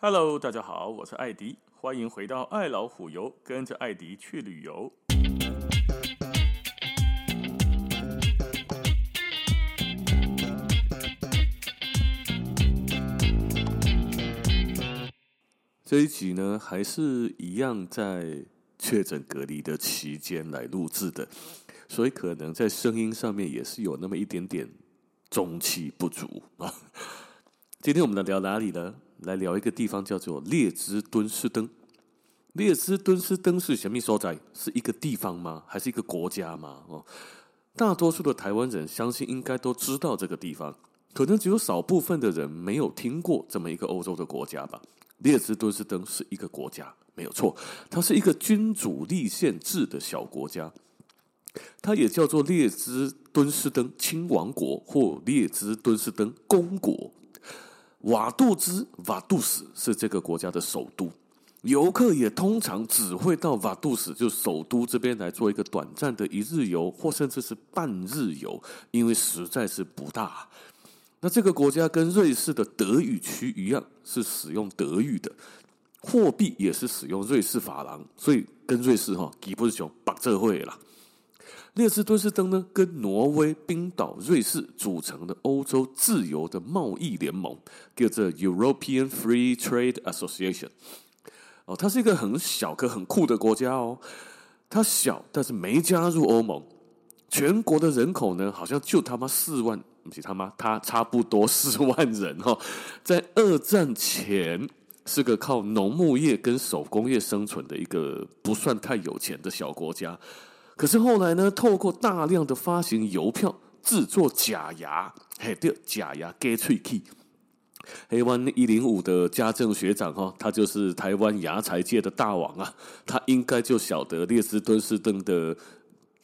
Hello，大家好，我是艾迪，歡迎回到愛老虎遊，跟着艾迪去旅遊。這一集呢，還是一樣在確診隔離的期間來錄製的，所以可能在聲音上面也是有那麼一點點中氣不足啊。 今天我們來聊哪裡呢？來聊一個地方，叫做列支敦士登。列支敦士登是什麼所在，是一個地方嗎？還是一個國家嗎？哦，大多數的台灣人相信應該都知道這個地方，可能只有少部分的人沒有聽過這麼一個歐洲的國家吧。列支敦士登是一個國家，沒有錯，它是一個君主立憲制的小國家，它也叫做列支敦士登親王國或列支敦士登公國。瓦都茲，瓦都茲是這個國家的首都，遊客也通常只會到瓦都茲，就首都這邊來做一個短暫的一日遊，或甚至是半日遊，因為實在是不大。那這個國家跟瑞士的德語區一樣，是使用德語的，貨幣也是使用瑞士法郎，所以跟瑞士哈吉步之熊，把這會了。列支敦士登呢，跟挪威、冰島、瑞士組成的歐洲自由的貿易聯盟，叫做 European Free Trade Association。哦，它是一個很小可，很酷的國家哦。它小，但是沒加入歐盟。全國的人口呢，好像就他媽四萬，不是他媽，它差不多四萬人哈、哦。在二戰前，是個靠農牧業跟手工業生存的一個不算太有錢的小國家。可是後來呢？透過大量的發行郵票、制作假牙。嘿，對，假牙 get tricky。台灣一零五的家政學長哈、哦，他就是台灣牙材界的大王啊！他應該就曉得列支敦士登的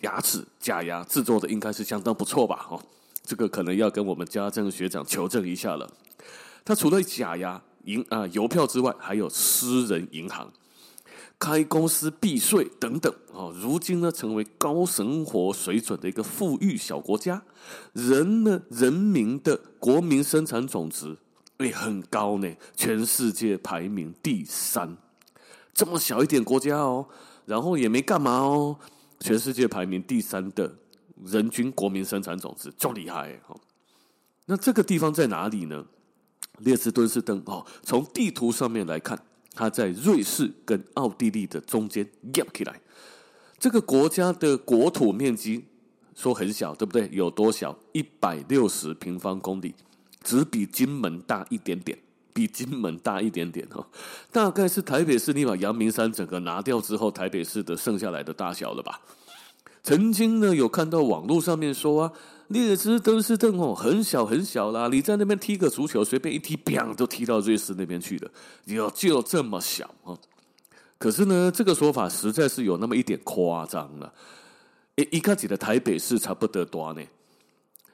牙齒假牙製作的應該是相當不錯吧？哦，這個可能要跟我們家政學長求證一下了。他除了假牙、銀啊、郵票之外，還有私人銀行。開公司避稅等等哦，如今呢，成為高生活水準的一個富裕小國家，人呢，人民的國民生產總值也很高呢，全世界排名第三，這麼小一點國家哦，然後也沒幹嘛哦，全世界排名第三的人均國民生產總值就厲害哦，那這個地方在哪裡呢？列支敦士登哦，從地圖上面來看。它在瑞士跟奧地利的中間夾起來，這個國家的國土面積說很小，對不對？有多小？一百六十平方公里，只比金門大一點點，比金門大一點點哈，大概是台北市你把陽明山整個拿掉之後，台北市的剩下來的大小了吧？曾經呢，有看到網絡上面說啊。列支敦士登哦，很小很小啦，你在那邊踢個足球，隨便一踢，砰，都踢到瑞士那邊去了。你要就這麼小啊？可是呢，這個說法實在是有那麼一點誇張了。一一級的台北市差不多大呢，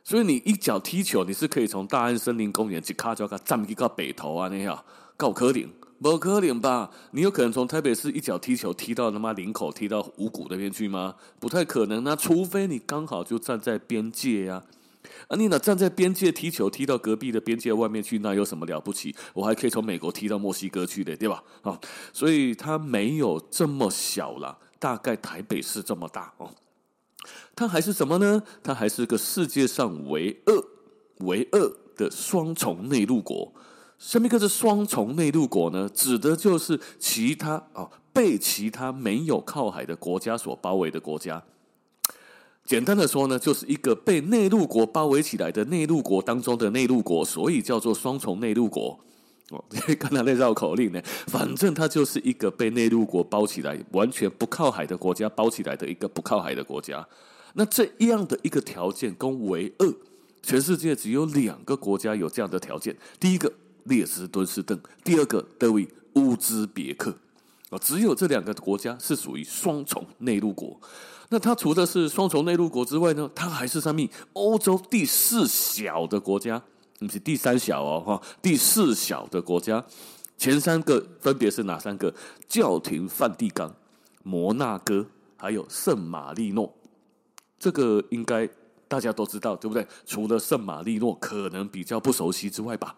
所以你一腳踢球，你是可以從大安森林公園一卡腳卡，站一個北投啊，你好，有可能。不可能吧？你有可能從台北市一腳踢球踢到他媽林口，踢到五股那邊去嗎？不太可能啊！除非你剛好就站在邊界呀、啊。啊，你那站在邊界踢球踢到隔壁的邊界外面去，那有什麼了不起？我還可以從美國踢到墨西哥去的，對吧？啊、哦，所以它沒有這麼小啦，大概台北市這麼大哦。它還是什麼呢？它還是個世界上唯二、唯二的雙重內陸國。什麼叫做雙重內陸國呢？指的就是其他哦，被其他沒有靠海的國家所包圍的國家。簡單的說呢，就是一個被內陸國包圍起來的內陸國當中的內陸國，所以叫做雙重內陸國。哦，剛才那繞口令呢？反正它就是一個被內陸國包起來、完全不靠海的國家包起來的一個不靠海的國家。那這樣的一個條件，跟唯二，全世界只有兩個國家有這樣的條件。第一個。列支敦士登，第二個德維烏茲別克啊，只有這兩個國家是屬於雙重內陸國。那它除了是雙重內陸國之外呢，它還是上面歐洲第四小的國家，不是第三小哦，哈，第四小的國家。前三個分別是哪三個？教廷、梵蒂岡、摩納哥，還有聖馬利諾。這個應該大家都知道，對不對？除了聖馬利諾可能比較不熟悉之外吧。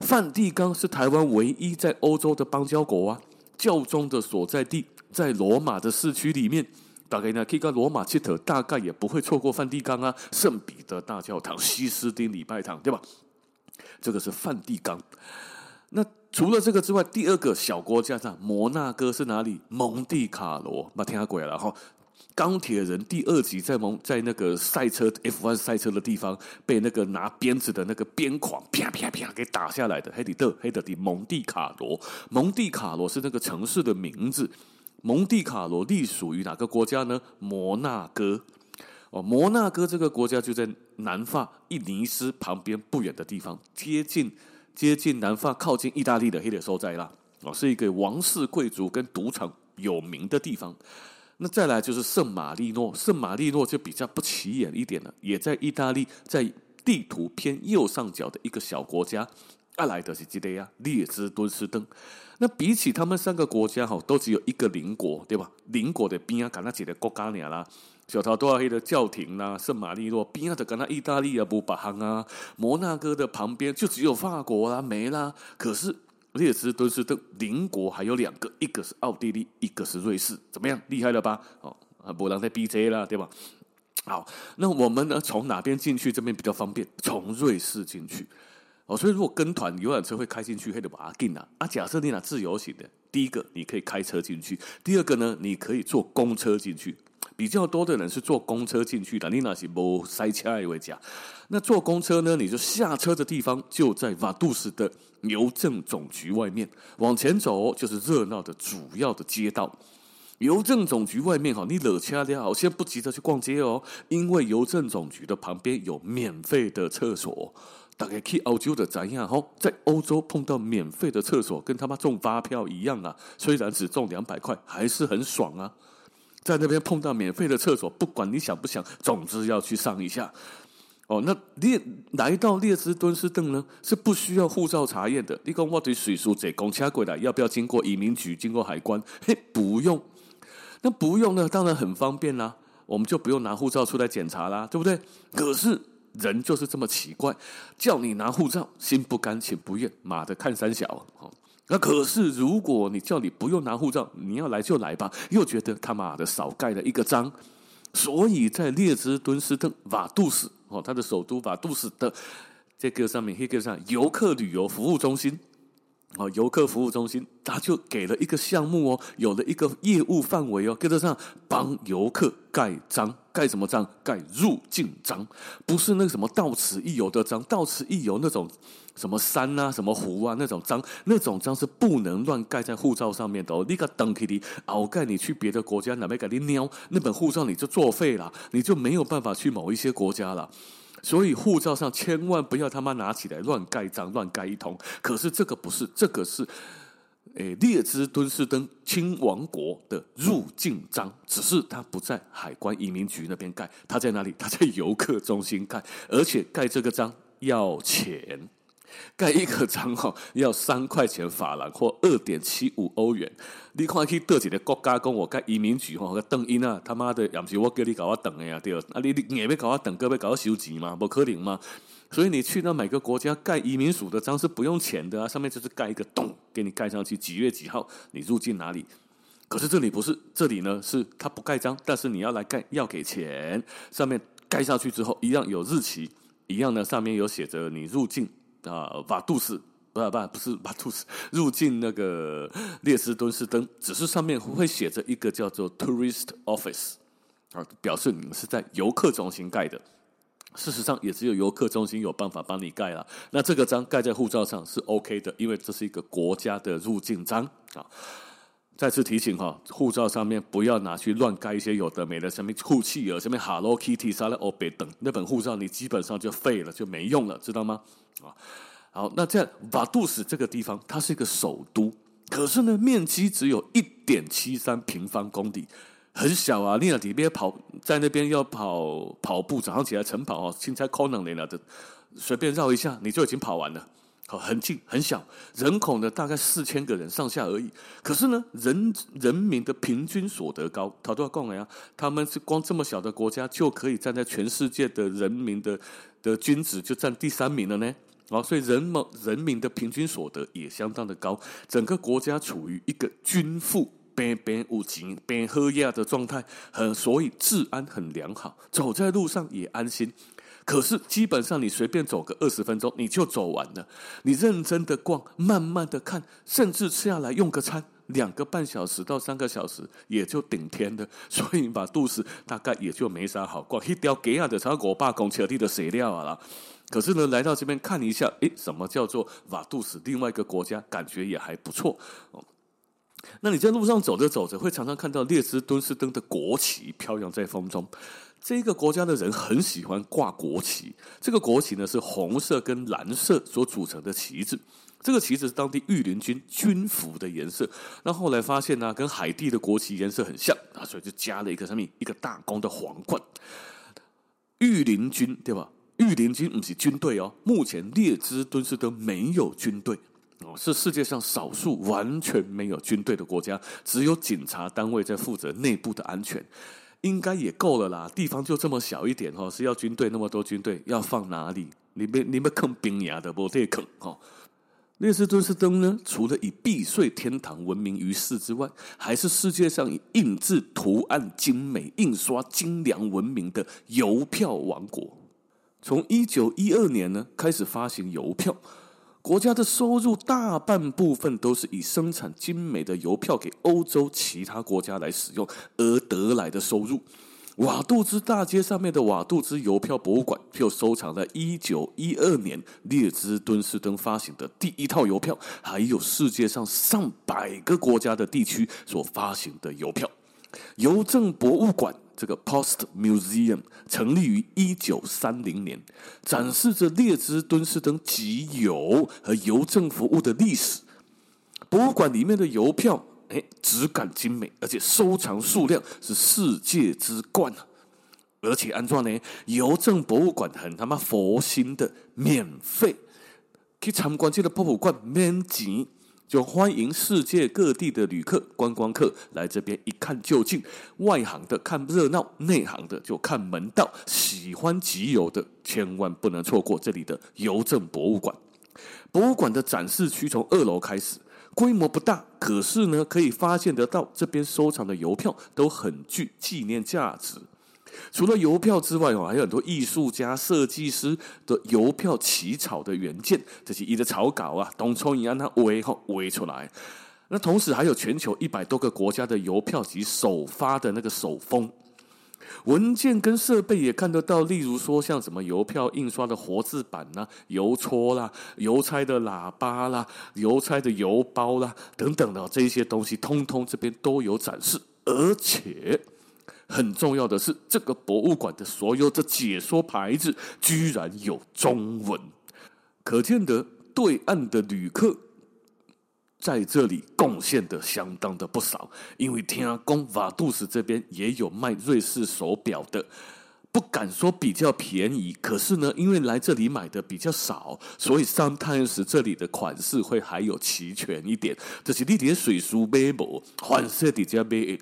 梵蒂岡是台灣唯一在歐洲的邦交國啊，教宗的所在地在羅馬的市區裡面，大概呢，去到羅馬街頭大概也不會錯過梵蒂岡啊，聖彼得大教堂、西斯丁禮拜堂，對吧？這個是梵蒂岡。那除了這個之外，第二個小國家的摩納哥是哪裡？蒙地卡羅，那聽下鬼了哈、哦。鋼鐵人第二集在蒙在那個賽車 F1 賽車的地方，被那個拿鞭子的那個鞭狂啪啪啪給打下來的。黑迪特、黑特蒂、蒙地卡羅，蒙蒂卡羅是那個城市的名字。蒙蒂卡羅隸屬於哪個國家呢？摩納哥。哦，摩納哥這個國家就在南法，伊尼斯旁邊不遠的地方，接近接近南法，靠近意大利的黑鐵受災啦。哦，是一個王室貴族跟賭場有名的地方。那再來就是聖馬利諾，聖馬利諾就比較不起眼一點了，也在意大利，在地圖偏右上角的一個小國家。阿萊德是這個呀、啊，列支敦士登。那比起他們三個國家、哦、都只有一個鄰國，對吧？鄰國的邊啊，跟那幾個國家呢啦，小桃多黑的教廷啦，聖馬利諾邊啊的跟那意大利啊不把哼啊，摩納哥的旁邊就只有法國啦、啊，沒啦。可是。列支敦士登的鄰國，還有兩個，一個是奧地利，一個是瑞士，怎麼樣？厲害了吧？哦，啊，不然在 B J 啦，對吧？好，那我們呢，從哪邊進去？這邊比較方便，從瑞士進去哦。所以如果跟團遊覽車會開進去，還得把它進啊。啊，假設你拿自由行的，第一個你可以開車進去，第二個呢，你可以坐公車進去。比較多的人是坐公車進去的，你那是無塞車會假。那坐公車呢，你就下車的地方就在瓦都茲的郵政總局外面，往前走、哦、就是熱鬧的主要的街道。郵政總局外面哈、哦，你惹車了好像不急着去逛街哦，因為郵政總局的旁邊有免費的廁所。大家去歐洲的怎樣？在歐洲碰到免費的廁所，跟他媽中發票一樣啊！雖然只中兩百塊，還是很爽啊！在那邊碰到免費的廁所，不管你想不想，總之要去上一下。哦，那列來到列支敦士登呢，是不需要護照查驗的。你講我對瑞士在公車過來，要不要經過移民局，經過海關？嘿，不用。那不用呢，當然很方便啦，我們就不用拿護照出來檢查啦，對不對？可是人就是這麼奇怪，叫你拿護照，心不甘情不願，馬的看三小。那可是，如果你叫你不用拿護照，你要來就來吧，又覺得他媽的少蓋了一個章，所以在列支敦士登瓦都茲哦，他的首都瓦都茲的這個上面，這個上遊客旅遊服務中心哦，遊客服務中心，他就給了一個項目哦，有了一個業務範圍哦，跟得上幫遊客蓋章。蓋什麼章？蓋入境章，不是那個什麼到此一遊的章，到此一遊那種什麼山啊、什麼湖啊那種章，那種章是不能亂蓋在護照上面的。哦，你個登提提，我蓋你去別的國家，哪沒給你瞄，那本護照你就作廢了，你就沒有辦法去某一些國家了。所以護照上千萬不要他媽拿起來亂蓋章、亂蓋一通。可是這個不是，這個是。誒，列支敦士登親王國的入境章，只是它不在海關移民局那邊蓋，它在哪裡？它在遊客中心蓋，而且蓋這個章要錢。蓋一個章、啊、要三塊錢法郎或二點七五歐元。你看去到幾個國家跟我蓋移民局哦、啊，蓋登伊呢？他媽的，也不是我叫你給你搞要等的呀，對不你也沒搞要等，更別搞要休急嘛，不可能嘛。所以你去到每個國家蓋移民署的章是不用錢的、啊、上面就是蓋一個洞給你蓋上去，幾月幾號你入境哪裡？可是這裡不是，這裡呢是它不蓋章，但是你要來蓋要給錢，上面蓋上去之後一樣有日期，一樣呢上面有寫着你入境。啊，瓦都茲不不不是瓦都茲入境那個列支敦士登，只是上面會寫着一個叫做 Tourist Office，啊，表示你們是在遊客中心蓋的。事實上，也只有遊客中心有辦法幫你蓋了。那這個章蓋在護照上是 OK 的，因為這是一個國家的入境章啊。再次提醒哈，護照上面不要拿去亂蓋一些有的沒的，上面塗氣兒，什麼 Hello Kitty，上面歐巴馬等，那本護照你基本上就廢了，就沒用了，知道嗎？啊，好，那這樣，瓦都茲這個地方，它是一個首都，可是呢，面積只有一點七三平方公里，很小啊。你那裡面跑，在那邊要跑跑步，早上起來晨跑哦。輕踩 c o c o n u 了的，隨便繞一下，你就已經跑完了。好，很近，很小，人口呢，大概四千個人上下而已。可是呢，人人民的平均所得高，他都要講了呀，他們光這麼小的國家就可以站在全世界的人民的的均值，就占第三名了呢。好，所以人們人民的平均所得也相當的高，整個國家處於一個均富。邊邊舞情邊喝呀的狀態，很所以治安很良好，走在路上也安心。可是基本上你隨便走個二十分鐘你就走完了，你認真的逛，慢慢的看，甚至留下來用個餐，兩個半小時到三個小時也就頂天的。所以瓦都茲大概也就沒啥好逛。一叼給呀的，才過罷工扯地的水料啊了,了啦。可是呢，來到這邊看一下，誒，什麼叫做瓦都茲？另外一個國家感覺也還不錯。那你在路上走着走着，會常常看到列支敦士登的國旗飄揚在風中。這個國家的人很喜歡掛國旗。這個國旗呢，是紅色跟藍色所組成的旗子。這個旗子是當地御林軍軍服的顏色。那後來發現呢、啊，跟海地的國旗顏色很像啊，所以就加了一個什麼？一個大公的皇冠。御林軍對吧？御林軍不是軍隊哦。目前列支敦士登沒有軍隊。哦、是世界上少數完全沒有軍隊的國家，只有警察單位在負責內部的安全，應該也夠了啦。地方就這麼小一點，哦、是要軍隊那麼多軍隊，要放哪裡？你們你們啃冰牙的不？莫得啃哦。列支敦士登呢，除了以避稅天堂聞名於世之外，還是世界上以印制圖案精美、印刷精良聞名的郵票王國。從一九一二年呢開始發行郵票。國家的收入大半部分都是以生產精美的郵票給歐洲其他國家來使用而得來的收入。瓦杜茲大街上面的瓦杜茲郵票博物館就收藏了1912年列支敦士登發行的第一套郵票，還有世界上上百個國家的地區所發行的郵票。郵政博物館。這個 Post Museum 成立於一九三零年，展示着列支敦士登集郵和郵政服務的歷史。博物館裡面的郵票，哎，質感精美，而且收藏數量是世界之冠。而且安怎呢？郵政博物館很他媽佛心的，免費去參觀這個博物館，免錢。就歡迎世界各地的旅客、觀光客來這邊一看究竟。外行的看熱鬧，內行的就看門道。喜歡集郵的，千萬不能錯過這裡的郵政博物館。博物館的展示區從二樓開始，規模不大，可是呢，可以發現得到這邊收藏的郵票都很具紀念價值。除了郵票之外哦，還有很多藝術家、設計師的郵票起草的原件，這些一個草稿啊，董超，你讓它圍吼圍出來。那同時還有全球一百多個國家的郵票及首發的那個首封文件跟設備也看得到。例如說像什麼郵票印刷的活字版吶、啊、郵戳啦、啊、郵差的喇叭啦、啊、郵差的郵包啦、啊、等等的這些東西，通通這邊都有展示，而且。很重要的是，這個博物館的所有的解說牌子居然有中文，可見得對岸的旅客在這裡貢獻的相當的不少。因為天安公瓦都茲這邊也有賣瑞士手錶的，不敢說比較便宜，可是呢，因為來這裡買的比較少，所以 sometimes 這裡的款式會還有齊全一點。這，就是你連水書買冇，黃色的就要買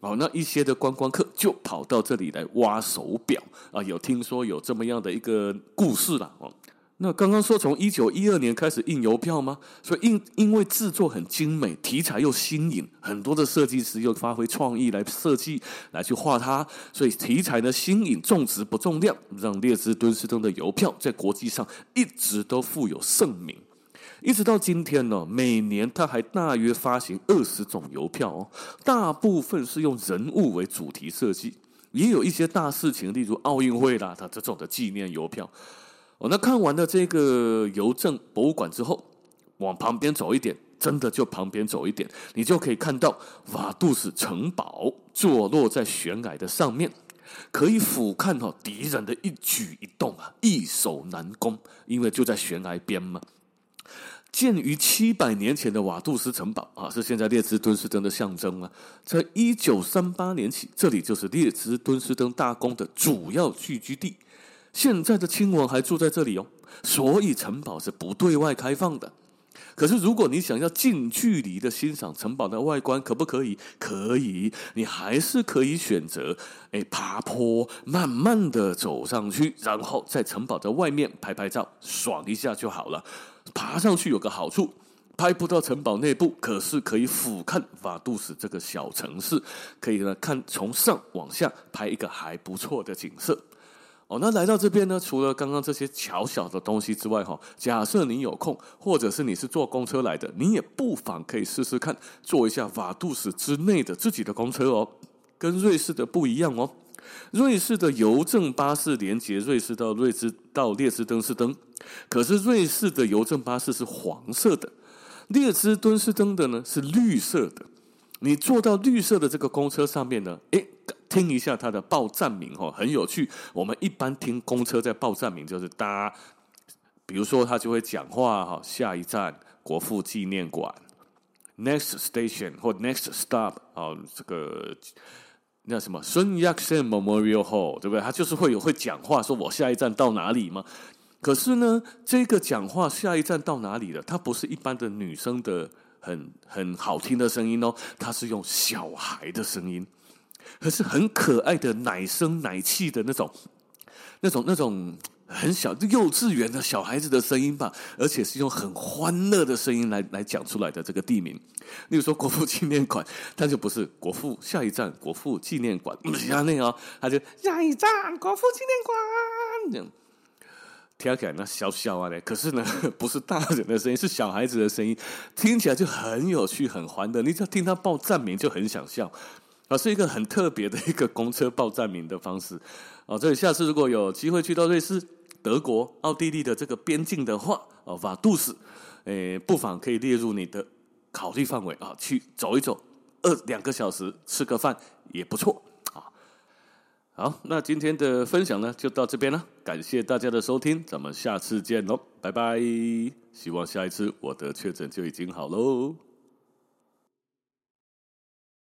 哦，那一些的觀光客就跑到這裡來挖手錶啊！有聽說有這麼樣的一個故事啦。哦。那剛剛說從一九一二年開始印郵票嗎？所以印因，因為製作很精美，題材又新穎，很多的設計師又發揮創意來設計來去畫它，所以題材呢新穎，重質不重量，讓列支敦士登的郵票在國際上一直都富有盛名。一直到今天呢，哦，每年它還大約發行二十種郵票哦，大部分是用人物為主題設計，也有一些大事情，例如奧運會啦，它這種的紀念郵票哦。那看完了這個郵政博物館之後，往旁邊走一點，真的就旁邊走一點，你就可以看到瓦都茲城堡坐落在懸崖的上面，可以俯瞰，哦，敵人的一舉一動啊，易守難攻，因為就在懸崖邊嘛。建於七百年前的瓦都茲城堡啊，是現在列支敦士登的象徵了。在一九三八年起，這裡就是列支敦士登大公的主要聚居地。現在的親王還住在這裡哦，所以城堡是不對外開放的。可是，如果你想要近距離的欣賞城堡的外觀，可不可以？可以，你還是可以選擇，哎、欸，爬坡，慢慢的走上去，然後在城堡的外面拍拍照，爽一下就好了。爬上去有個好處，拍不到城堡內部，可是可以俯瞰瓦都茲這個小城市，可以呢，看從上往下拍一個還不錯的景色。哦，那來到這邊呢，除了剛剛這些巧小的東西之外哈，假設你有空，或者是你是坐公車來的，你也不妨可以試試看坐一下瓦都茲之內的自己的公車哦，跟瑞士的不一樣哦。瑞士的郵政巴士連接瑞士到瑞茲到列支敦士登，可是瑞士的郵政巴士是黃色的，列支敦士登的呢是綠色的。你坐到綠色的這個公車上面呢，哎。聽一下他的報站名哈，很有趣。我們一般聽公車在報站名，就是搭，比如說他就會講話哈，下一站國父紀念館，next station 或 next stop 哦，這個叫什麼 Sun Yat-sen Memorial Hall，對不對？他就是會有會講話，說我下一站到哪裡嗎？可是呢，這個講話下一站到哪裡了，他不是一般的女生的很很好聽的聲音哦，他是用小孩的聲音。可是很可愛的奶聲奶氣的那種，那種那種很小幼稚園的小孩子的聲音吧，而且是用很歡樂的聲音來來講出來的這個地名，例如說國父紀念館，但就不是國父下一站國父紀念館，像、啊、那哦，他就下一站國父紀念館，聽起來那小小啊嘞，可是呢不是大人的聲音，是小孩子的聲音，聽起來就很有趣，很歡樂，你只要聽他報站名就很想笑。啊，是一個很特別的一個公車報站名的方式，啊，所以下次如果有機會去到瑞士、德國、奧地利的這個邊境的話，啊，瓦都茲誒，不妨可以列入你的考慮範圍啊，去走一走，二兩個小時吃個飯也不錯啊。好，那今天的分享呢就到這邊了，感謝大家的收聽，咱們下次見嘍，拜拜！希望下一次我的確診就已經好嘍。